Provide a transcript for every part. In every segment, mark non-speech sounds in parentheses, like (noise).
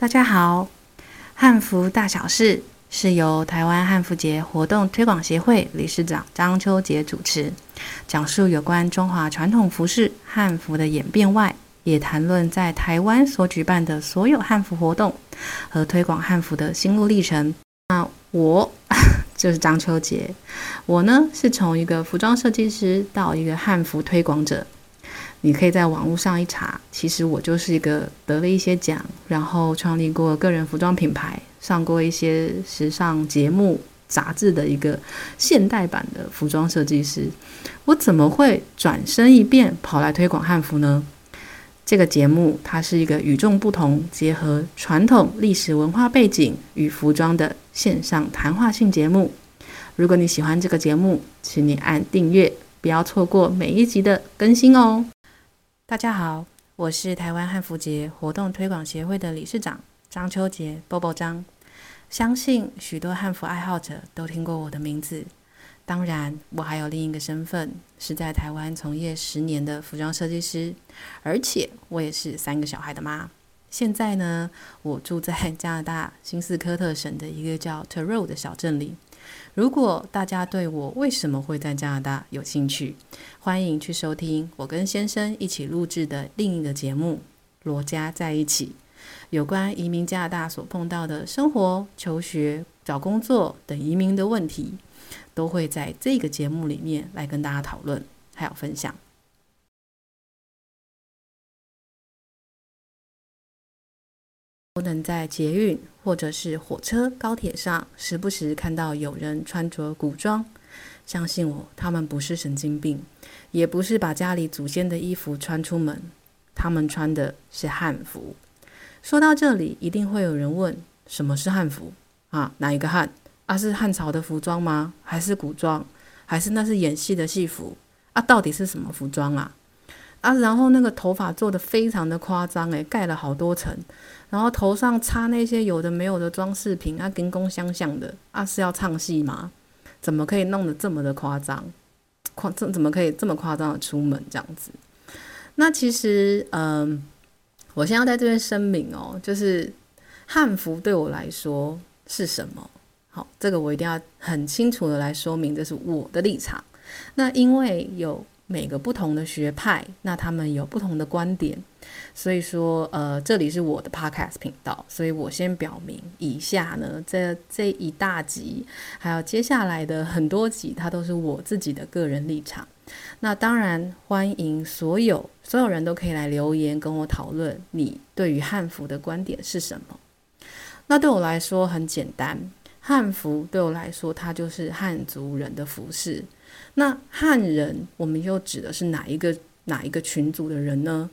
大家好，《漢服大小事》是由臺灣漢服節活動推廣協會理事長張秋潔主持，講述有關中華傳統服飾漢服的演變外，也談論在台灣所舉辦的所有漢服活動和推廣漢服的心路歷程。那我就是張秋潔，我呢是從一個服裝設計師到一個漢服推廣者。你可以在網絡上一查，其實我就是一個得了一些獎，然後創立過個人服裝品牌，上過一些時尚節目、雜誌的一個現代版的服裝設計師。我怎麼會轉身一變跑來推廣漢服呢？這個節目它是一個與眾不同、結合傳統歷史文化背景與服裝的線上談話性節目。如果你喜歡這個節目，請你按訂閱，不要錯過每一集的更新哦。大家好，我是台灣漢服節活動推廣協會的理事長張秋潔，Bobo 張。相信許多漢服愛好者都聽過我的名字。當然，我還有另一個身份，是在台灣從業十年的服裝設計師，而且我也是三個小孩的媽。現在呢，我住在加拿大新斯科特省的一個叫 Truro 的小鎮裡。如果大家對我為什麼會在加拿大有興趣，歡迎去收聽我跟先生一起錄製的另一個節目《羅家在一起》，有關移民加拿大所碰到的生活、求學、找工作等移民的問題，都會在這個節目裡面來跟大家討論，還有分享。不能在捷運或者是火車、高鐵上時不時看到有人穿着古裝。相信我，他們不是神經病，也不是把家裡祖先的衣服穿出門，他們穿的是漢服。說到這裡，一定會有人問：什麼是漢服啊？哪一個漢啊？是漢朝的服裝嗎？還是古裝？還是那是演戲的戲服啊？到底是什麼服裝啊？啊，然後那個頭髮做得非常的誇張、欸，誒，蓋了好多層。然後頭上插那些有的沒有的裝飾品，啊，跟公相像的，啊，是要唱戲嗎？怎麼可以弄得這麼的誇張？誇這怎麼可以這麼誇張的出門這樣子？那其實，嗯，我先要在這邊聲明哦，就是漢服對我來說是什麼？好，這個我一定要很清楚的來說明，這是我的立場。那因為有。每個不同的學派，那他們有不同的觀點，所以說，呃，這裡是我的 podcast 頻道，所以我先表明，以下呢，這這一大集，還有接下來的很多集，它都是我自己的個人立場。那當然，歡迎所有所有人都可以來留言跟我討論，你對於漢服的觀點是什麼？那對我來說很簡單，漢服對我來說，它就是漢族人的服飾。那漢人，我們又指的是哪一個哪一個群組的人呢？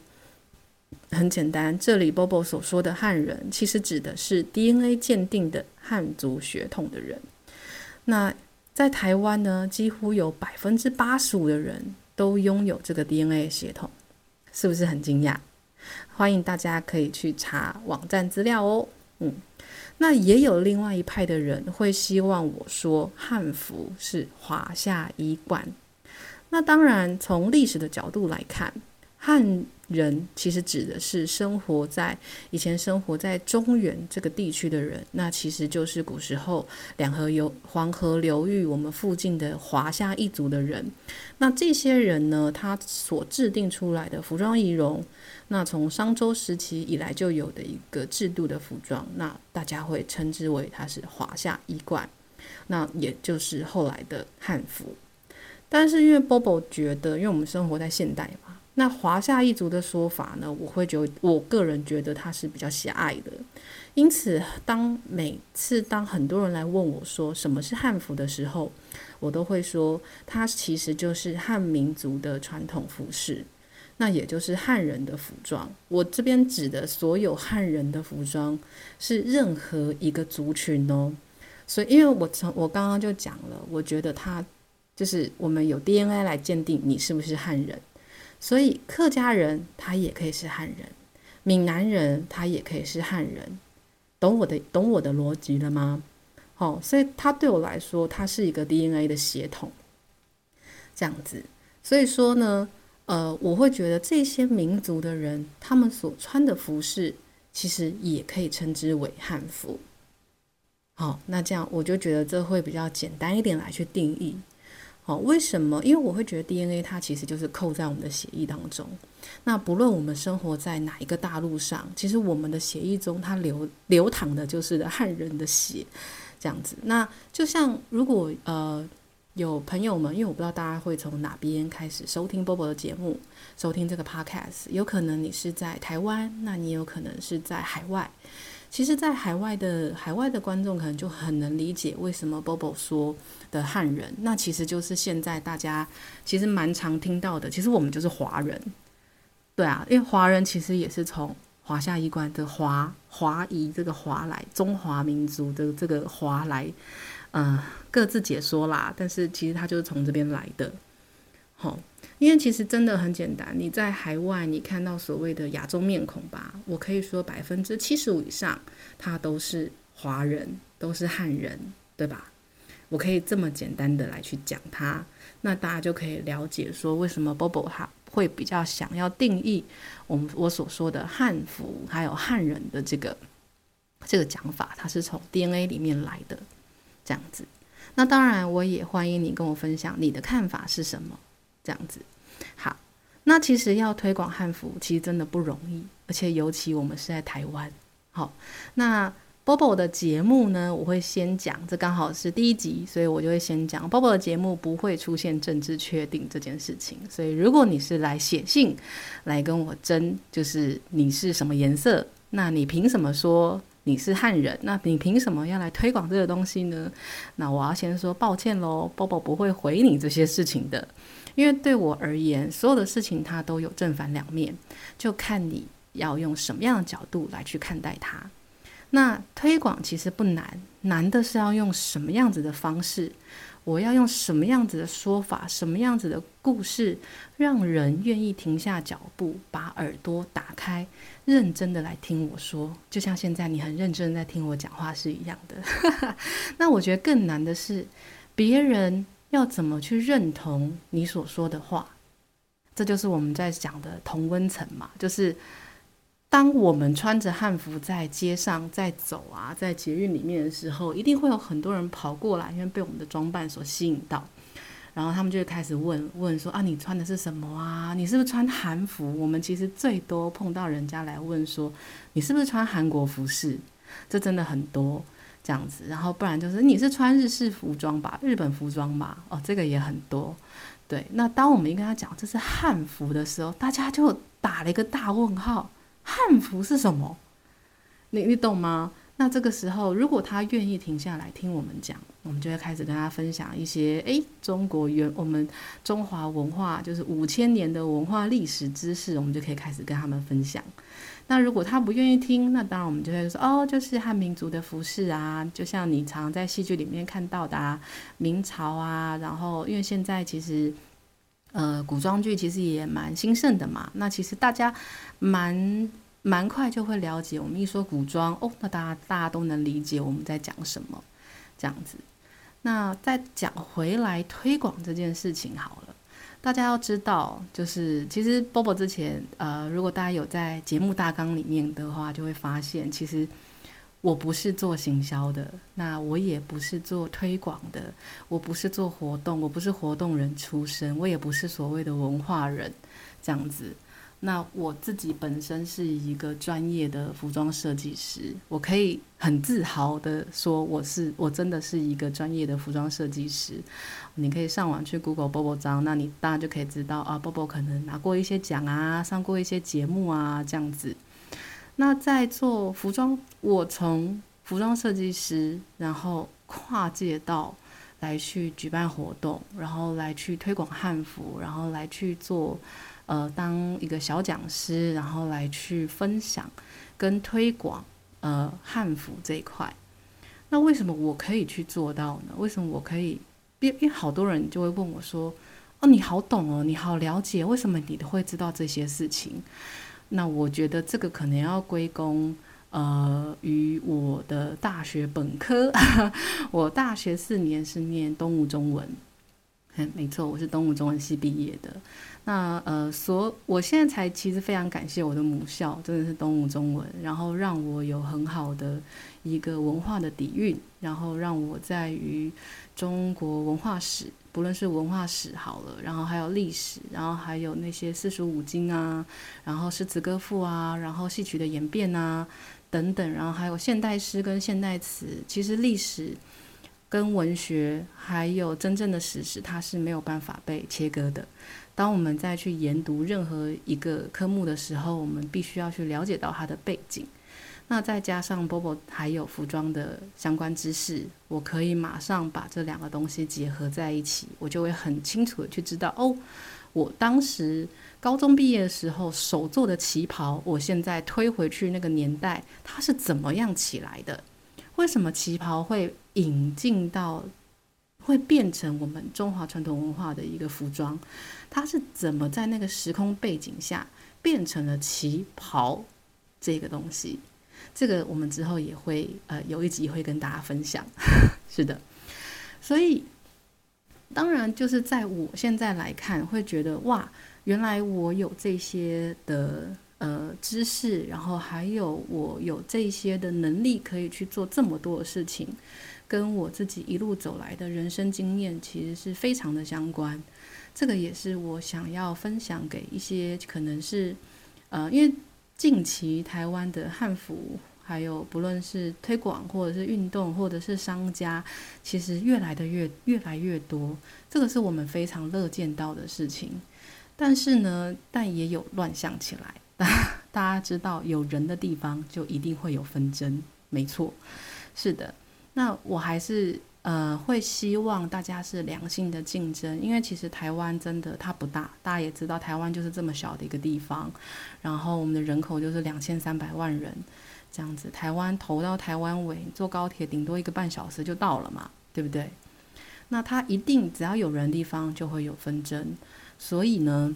很簡單，這裡 Bobo 所說的漢人，其實指的是 DNA 鑑定的漢族血統的人。那在台灣呢，幾乎有百分之八十五的人都擁有這個 DNA 血統，是不是很驚訝？歡迎大家可以去查網站資料哦。嗯，那也有另外一派的人會希望我說漢服是華夏衣冠。那當然，從歷史的角度來看，漢人其實指的是生活在以前生活在中原這個地區的人，那其實就是古時候兩河游黃河流域我們附近的華夏一族的人。那這些人呢，他所制定出來的服裝儀容。那從商周時期以來就有的一個制度的服裝，那大家會稱之為它是華夏衣冠，那也就是後來的漢服。但是因為 Bobo 覺得，因為我們生活在現代嘛，那華夏一族的說法呢，我會覺得我個人覺得它是比較狹隘的。因此，當每次當很多人來問我說什麼是漢服的時候，我都會說，它其實就是漢民族的傳統服飾。那也就是漢人的服裝，我這邊指的所有漢人的服裝是任何一個族群哦。所以，因為我從我剛剛就講了，我覺得他就是我們有 DNA 來鑑定你是不是漢人，所以客家人他也可以是漢人，閩南人他也可以是漢人，懂我的懂我的邏輯了嗎？哦，所以他對我來說，他是一個 DNA 的血統，這樣子。所以說呢。呃，我會覺得這些民族的人，他們所穿的服飾，其實也可以稱之為漢服。好，那這樣我就覺得這會比較簡單一點來去定義。好，為什麼？因為我會覺得 DNA 它其實就是扣在我們的血液當中。那不論我們生活在哪一個大陸上，其實我們的血液中它流流淌的就是漢人的血，這樣子。那就像如果呃。有朋友們，因為我不知道大家會從哪邊開始收聽 Bobo 的節目，收聽這個 Podcast。有可能你是在台灣，那你也有可能是在海外。其實，在海外的海外的觀眾可能就很能理解為什麼 Bobo 說的“漢人”，那其實就是現在大家其實蠻常聽到的。其實我們就是華人，對啊，因為華人其實也是從華夏衣冠的“華”、華裔這個“華”來，中華民族的這個“華”來。呃，各自解說啦。但是其實他就是從這邊來的，好，哦，因為其實真的很簡單。你在海外，你看到所謂的亞洲面孔吧，我可以說百分之七十五以上，他都是華人，都是漢人，對吧？我可以這麼簡單的來去講他，那大家就可以了解說，為什麼 Bobo 他會比較想要定義我們我所說的漢服還有漢人的這個這個講法，它是從 DNA 裡面來的。這樣子，那當然我也歡迎你跟我分享你的看法是什麼。這樣子，好，那其實要推廣漢服，其實真的不容易，而且尤其我們是在台灣。好，那 Bobo 的節目呢，我會先講，這剛好是第一集，所以我就會先講 Bobo 的節目不會出現政治確定這件事情。所以如果你是來寫信來跟我爭，就是你是什麼顏色，那你憑什麼說？你是漢人，那你憑什麼要來推廣這個東西呢？那我要先說抱歉嘍 b o 不會回你這些事情的，因為對我而言，所有的事情它都有正反兩面，就看你要用什麼樣的角度來去看待它。那推廣其實不難，難的是要用什麼樣子的方式。我要用什麼樣子的說法，什麼樣子的故事，讓人願意停下腳步，把耳朵打開，認真的來聽我說，就像現在你很認真在聽我講話是一樣的。 (laughs) 那我覺得更難的是，別人要怎麼去認同你所說的話？這就是我們在講的同溫層嘛，就是。當我們穿着漢服在街上在走啊，在捷運裡面的時候，一定會有很多人跑過來，因為被我們的裝扮所吸引到。然後他們就開始問問說：“啊，你穿的是什麼啊？你是不是穿韓服？”我們其實最多碰到人家來問說：“你是不是穿韓國服飾？”這真的很多這樣子。然後不然就是你是穿日式服裝吧，日本服裝吧。哦，這個也很多。對，那當我們跟他講這是漢服的時候，大家就打了一個大問號。漢服是什麼？你你懂嗎？那這個時候，如果他願意停下來聽我們講，我們就會開始跟他分享一些誒、欸、中國原我們中華文化就是五千年的文化歷史知識，我們就可以開始跟他們分享。那如果他不願意聽，那當然我們就會說哦，就是漢民族的服飾啊，就像你常在戲劇裡面看到的、啊、明朝啊，然後因為現在其實。呃，古裝劇其實也蠻興盛的嘛。那其實大家蠻蠻快就會了解，我們一說古裝哦，那大家大家都能理解我們在講什麼這樣子。那再講回來推廣這件事情好了，大家要知道，就是其實 Bobo 之前呃，如果大家有在節目大綱裡面的話，就會發現其實。我不是做行銷的，那我也不是做推廣的，我不是做活動，我不是活動人出身，我也不是所謂的文化人，這樣子。那我自己本身是一個專業的服裝設計師，我可以很自豪的說，我是我真的是一個專業的服裝設計師。你可以上網去 Google Bobo Jang，那你當然就可以知道啊，Bobo 可能拿過一些獎啊，上過一些節目啊，這樣子。那在做服裝，我從服裝設計師，然後跨界到來去舉辦活動，然後來去推廣漢服，然後來去做呃當一個小講師，然後來去分享跟推廣呃漢服這一塊。那為什麼我可以去做到呢？為什麼我可以？因為好多人就會問我說：“哦，你好懂哦，你好了解，為什麼你會知道這些事情？”那我覺得這個可能要歸功呃於我的大學本科， (laughs) 我大學四年是念東吳中文，嗯，沒錯，我是東吳中文系畢業的。那呃，所我現在才其實非常感謝我的母校，真的是東吳中文，然後讓我有很好的一個文化的底蘊，然後讓我在於中國文化史。不論是文化史好了，然後還有歷史，然後還有那些四書五經啊，然後詩詞歌賦啊，然後戲曲的演變啊，等等，然後還有現代詩跟現代詞。其實歷史跟文學，還有真正的史實，它是沒有辦法被切割的。當我們再去研讀任何一個科目的時候，我們必須要去了解到它的背景。那再加上 Bobo 還有服裝的相關知識，我可以馬上把這兩個東西結合在一起，我就會很清楚的去知道哦。我當時高中畢業的時候手做的旗袍，我現在推回去那個年代，它是怎麼樣起來的？為什麼旗袍會引進到，會變成我們中華傳統文化的一個服裝？它是怎麼在那個時空背景下變成了旗袍這個東西？這個我們之後也會呃有一集會跟大家分享， (laughs) 是的。所以當然就是在我現在來看，會覺得哇，原來我有這些的呃知識，然後還有我有這些的能力可以去做這麼多的事情，跟我自己一路走來的人生經驗其實是非常的相關。這個也是我想要分享給一些可能是呃因為。近期台灣的漢服，還有不論是推廣或者是運動，或者是商家，其實越來的越越來越多，這個是我們非常樂見到的事情。但是呢，但也有亂象起來。大家，大家知道，有人的地方就一定會有紛爭，沒錯，是的。那我還是。呃，會希望大家是良性的競爭，因為其實台灣真的它不大，大家也知道，台灣就是這麼小的一個地方，然後我們的人口就是兩千三百萬人這樣子。台灣頭到台灣尾坐高鐵頂多一個半小時就到了嘛，對不對？那它一定只要有人的地方就會有紛爭，所以呢。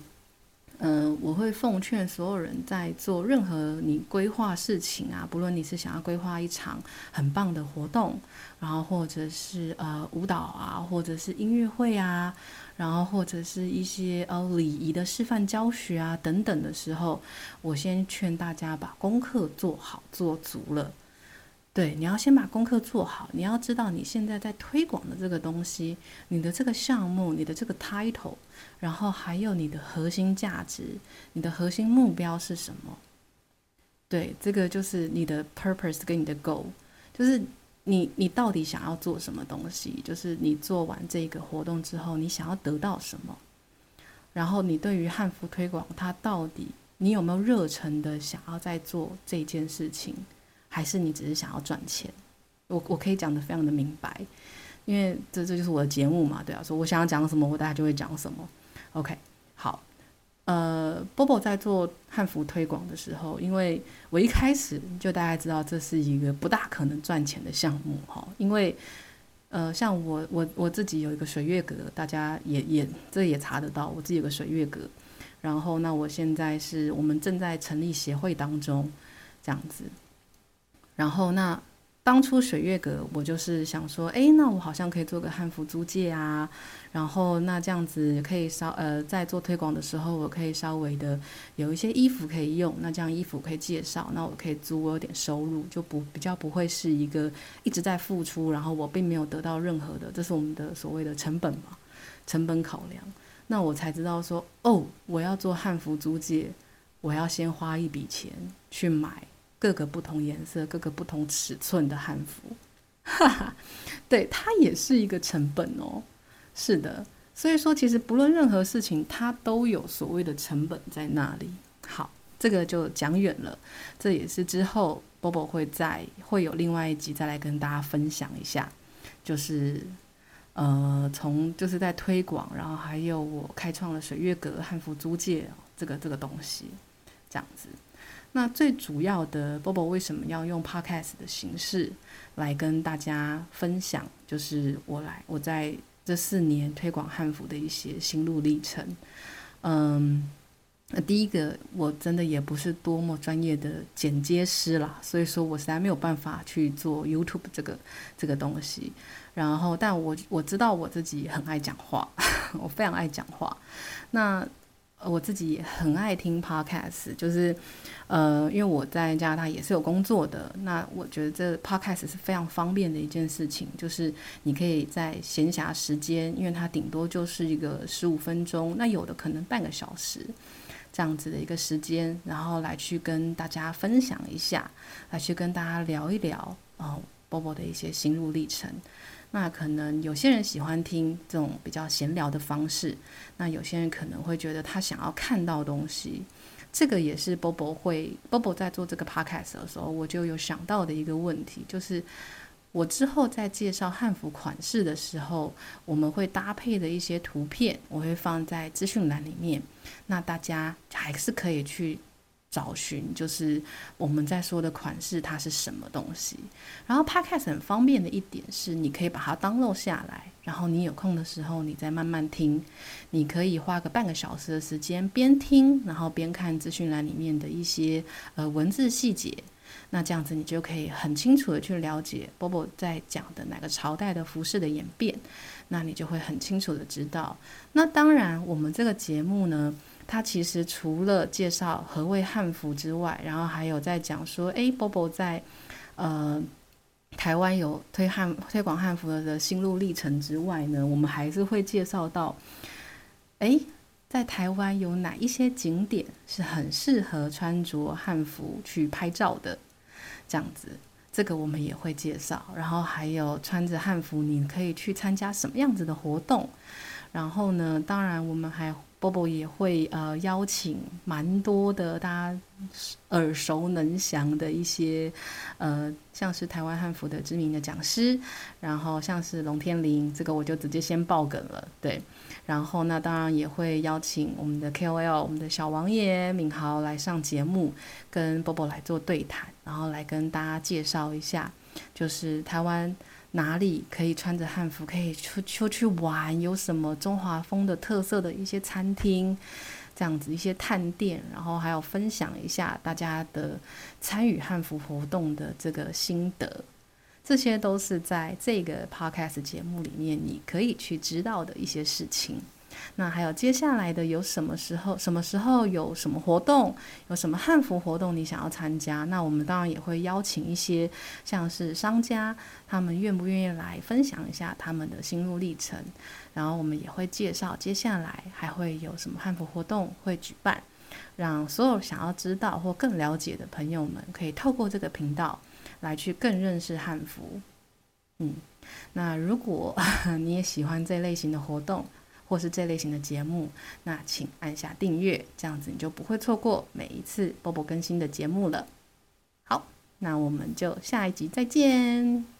嗯、呃，我會奉勸所有人在做任何你規劃事情啊，不論你是想要規劃一場很棒的活動，然後或者是呃舞蹈啊，或者是音樂會啊，然後或者是一些呃禮儀的示範教學啊等等的時候，我先勸大家把功課做好做足了。對，你要先把功課做好。你要知道你現在在推廣的這個東西，你的這個項目，你的這個 title，然後還有你的核心價值，你的核心目標是什麼？對，這個就是你的 purpose 跟你的 goal，就是你你到底想要做什麼東西？就是你做完這個活動之後，你想要得到什麼？然後你對於漢服推廣，它到底你有沒有熱忱的想要在做這件事情？還是你只是想要賺錢？我我可以講得非常的明白，因為這這就是我的節目嘛，對啊，說我想要講什麼，我大家就會講什麼。OK，好，呃，波波在做漢服推廣的時候，因為我一開始就大概知道這是一個不大可能賺錢的項目哈、哦，因為呃，像我我我自己有一個水月閣，大家也也這也查得到，我自己有個水月閣，然後那我現在是我們正在成立協會當中，這樣子。然後那當初水月閣，我就是想說，誒，那我好像可以做個漢服租借啊。然後那這樣子可以稍呃，在做推廣的時候，我可以稍微的有一些衣服可以用。那這樣衣服可以介紹，那我可以租，我有點收入，就不比較不會是一個一直在付出，然後我並沒有得到任何的，這是我們的所謂的成本嘛，成本考量，那我才知道說，哦，我要做漢服租借，我要先花一筆錢去買。各個不同顏色、各個不同尺寸的漢服，哈 (laughs) 哈，對，它也是一個成本哦。是的，所以說其實不論任何事情，它都有所謂的成本在那裡。好，這個就講遠了，這也是之後波波會再會有另外一集再來跟大家分享一下，就是、嗯、呃從就是在推廣，然後還有我開創了水月閣漢服租借、哦、這個這個東西，這樣子。那最主要的，Bobo 為什麼要用 Podcast 的形式來跟大家分享，就是我來我在這四年推廣漢服的一些心路歷程。嗯，第一個我真的也不是多麼專業的剪接師啦，所以說我實在沒有辦法去做 YouTube 這個這個東西。然後，但我我知道我自己很愛講話， (laughs) 我非常愛講話。那我自己也很愛聽 podcast，就是，呃，因為我在加拿大也是有工作的，那我覺得這 podcast 是非常方便的一件事情，就是你可以在閒暇時間，因為它頂多就是一個十五分鐘，那有的可能半個小時這樣子的一個時間，然後來去跟大家分享一下，來去跟大家聊一聊，哦，Bobo 的一些心路歷程。那可能有些人喜歡聽這種比較閒聊的方式，那有些人可能會覺得他想要看到東西，這個也是 Bobo 會 Bobo 在做這個 Podcast 的時候，我就有想到的一個問題，就是我之後在介紹漢服款式的時候，我們會搭配的一些圖片，我會放在資訊欄裡面，那大家還是可以去。找尋就是我們在說的款式，它是什麼東西？然後 Podcast 很方便的一點是，你可以把它 download 下來，然後你有空的時候，你再慢慢聽。你可以花個半個小時的時間邊聽，然後邊看資訊欄裡面的一些呃文字細節。那這樣子你就可以很清楚的去了解 Bobo 在講的哪個朝代的服飾的演變。那你就會很清楚的知道。那當然，我們這個節目呢。它其實除了介紹何謂漢服之外，然後還有在講說，哎，Bobo 在，呃，台灣有推漢推廣漢服的心路歷程之外呢，我們還是會介紹到，哎，在台灣有哪一些景點是很適合穿着漢服去拍照的，這樣子，這個我們也會介紹。然後還有穿着漢服你可以去參加什麼樣子的活動，然後呢，當然我們還。波波也會呃邀請蠻多的大家耳熟能詳的一些呃像是台灣漢服的知名的講師，然後像是龍天麟，這個我就直接先爆梗了，對。然後那當然也會邀請我們的 KOL，我們的小王爺敏豪來上節目，跟波波來做對談，然後來跟大家介紹一下，就是台灣。哪裡可以穿着漢服可以出出去玩？有什麼中華風的特色的一些餐廳，這樣子一些探店，然後還有分享一下大家的參與漢服活動的這個心得，這些都是在這個 podcast 節目裡面你可以去知道的一些事情。那還有接下來的有什麼時候？什麼時候有什麼活動？有什麼漢服活動？你想要參加？那我們當然也會邀請一些像是商家，他們願不願意來分享一下他們的心路歷程，然後我們也會介紹接下來還會有什麼漢服活動會舉辦，讓所有想要知道或更了解的朋友們可以透過這個頻道來去更認識漢服。嗯，那如果你也喜歡這類型的活動，或是這類型的節目，那請按下訂閱，這樣子你就不會錯過每一次 Bobo 更新的節目了。好，那我們就下一集再見！